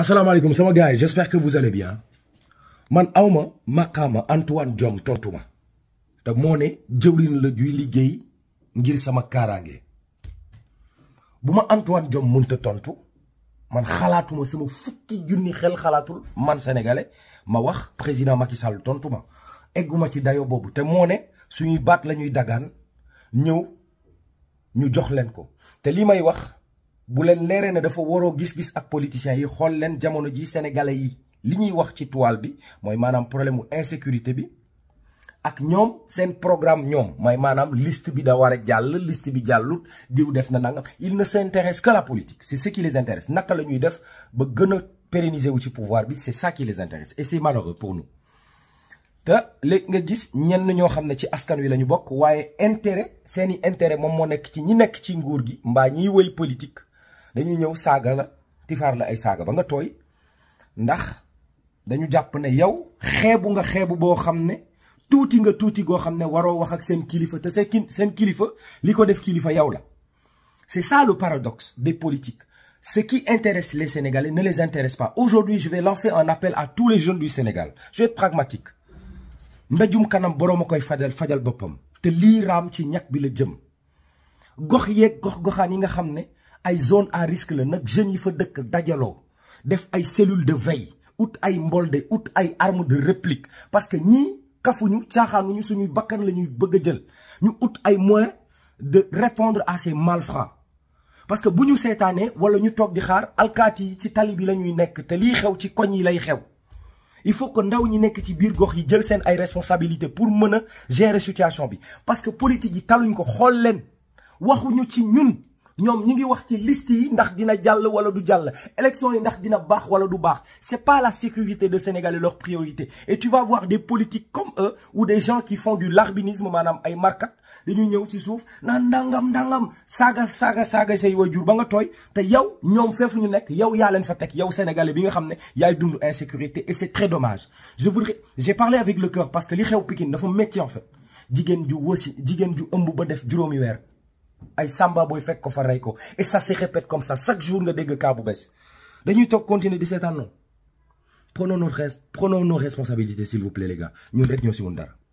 asalaamaaleykum sama gars j'espère que vous allez bien man Auma Makama Antoine Diom, Tontouma. ma te moo ne jëwriñ la juy ngir sama kaaraange bu Antoine Diom, mënta tontu man xalaatuma sama fukki junni xel Khalatou, man sénégalais ma wax président Macky Sall Tontouma. ma egguma ci dayo bobu. te moné, ne suñuy baat la ñuy dagaan nyo ñu jox leen ko te li may wax bu leen leeree ne dafa woro gis-gis ak politiciens yi xol leen jamono ji sénégalais yi liñuy wax ci toile bi moy manam problème insécurité bi ak ñom sen programme ñom mooy manam liste bi da wara jall liste bi jallut diw def na nangam il ne s'intéresse que la politique c'est ce qui les intéresse naka la ñuy def ba gën pérenniser wu ci pouvoir bi c'est ça qui les intéresse et c'est malheureux pour nous te le nga gis ñenn ñoo xamne ci askan wi lañu bok waye intérêt seeni intérêt mom mo nek ci ñi nek ci nguur gi mba ñi wëy politique dañu ñew saga la tifar la ay saga ba nga toy ndax dañu japp ne yow xébu nga xébu bo xamné touti nga touti go xamné waro wax ak seen kilifa te seen kilifa li def kilifa yow la c'est ça le paradoxe des politiques ce qui intéresse les Sénégalais ne les intéresse pas aujourd'hui je vais lancer un appel à tous les jeunes du Sénégal je vais être pragmatique mbéjum kanam borom a koy fajal fajal boppam te lii raam ci ñak bi la jëm gox yeeg gox goxani nga xam ay zone à risque le nak jeunes yi fa dëkk dajalo def ay cellule de veille out ay mbolde out ay arme de réplique parce que ñii kafuñu caaxaanuñu suñuy bakkan la ñuy bëgg jël ñu out ay moyens de répondre à ces malfrats parce que buñu sétané wala ñu tok di xaar alkaati ci tali bi la nekk te li xew ci koñ yi lay xew il faut que ndaw ñi nekk ci biir gox yi jël seen ay responsabilités pour mën gérer situation bi parce que politique yi taluñ ko xool leen waxuñu ci ñun ñom ñi ngi wax ci liste yi ndax dina jall wala du jall élection yi ndax dina bax wala du bax c'est pas la sécurité de Sénégal leur priorité et tu vas voir des politiques comme eux ou des gens qui font du larbinisme manam ay markat dañuy ñew ci souf na ndangam ndangam saga, saga, saga sey wajur ba nga toy te yow ñom feefu ñu nek yow ya len fa tek yow sénégalais bi nga xamné yaay dund insécurité et c'est très dommage je voudrais j'ai parlé avec le cœur parce que li xew Pikine dafa métier en fait jigéen ju wosi jigéen ju ëmb ba def juróomi weer ay samba boy fek ko fa ray ko et ça se répète comme ça chaque jour nga dégg ka bu bees dañuy toog continuer di seetaan non notre reste prenons nos responsabilités s'il vous plaît les gars ñun rek ñoo si mun dara.